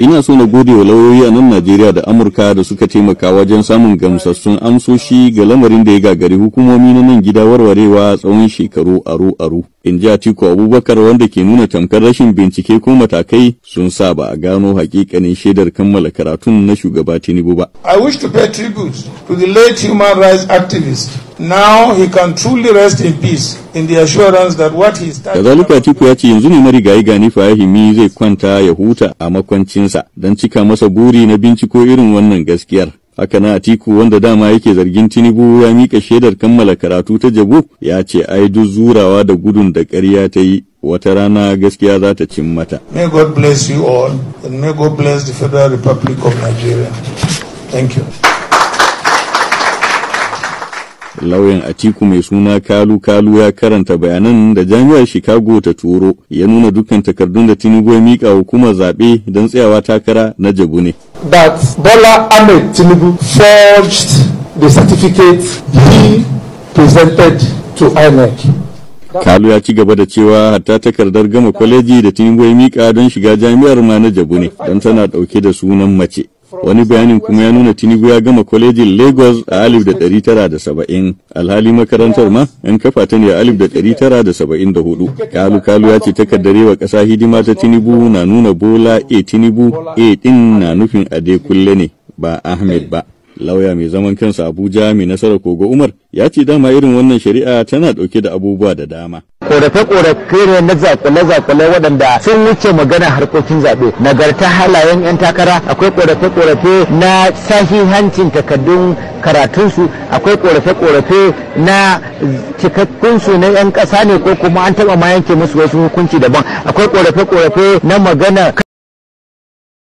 Ina so na gode wa lauyoyi a nan Najeriya da Amurka da suka taimaka wajen samun gamsassun amsoshi ga lamarin da ya gagari hukumomi na nan gida warwarewa tsawon shekaru aru-aru. In ji Atiku Abubakar wanda ke nuna tamkar rashin bincike ko matakai sun sa ba a gano hakikanin shaidar kammala karatun na shugaba Tinubu ba. I wish to pay tribute to the late human rights activist Now he can truly rest in peace in the assurance that what he Atiku ya ce yanzu ne marigayi gani fahimi zai kwanta ya huta a makwancinsa don cika masa buri na binciko irin wannan gaskiyar. Haka na Atiku wanda dama yake zargin Tinubu ya mika shaidar kammala karatu ta jabu ya ce ai duk zurawa da gudun da ƙarya ta yi wata rana gaskiya za ta cin mata. May God bless you all and may God bless the Federal Republic of Nigeria. Thank you. lauyan atiku mai suna kalu kalu ya karanta bayanan da jami'ar chicago ta turo ya nuna dukkan takardun da tinubu ya mika hukumar zaɓe don tsayawa takara na jabu ne that bola ahmed tinubu forged the certificate he presented to inec Kalu ya ci gaba da cewa hatta takardar gama kwaleji da Tinubu ya mika don shiga jami'ar ma na jabu ne don tana ɗauke da sunan mace. Wani bayanin kuma ya nuna Tinubu ya gama kwalejin Lagos a alif da ɗari tara da saba'in alhali makarantar ma yan kafa ta ne a alif da ɗari tara da saba'in da hudu. Kalu Kalu ya ce takardare wa ƙasa hidima ta Tinubu na nuna Bola A Tinubu A ɗin na nufin Ade kulle ne ba Ahmed ba. lauya mai zaman kansa Abuja mai nasarar Kogo Umar ya ce dama irin wannan shari'a tana ɗauke da abubuwa da dama. korafe-korafe ne na zakule-zakule waɗanda sun wuce magana harkokin zaɓe nagarta halayen 'yan takara akwai korafe-korafe na hancin takaddun karatunsu akwai korafe-korafe na cikakkunsu na 'yan ƙasa ne ko kuma an taɓa ma yanke musu wasu hukunci daban akwai korafe-korafe na magana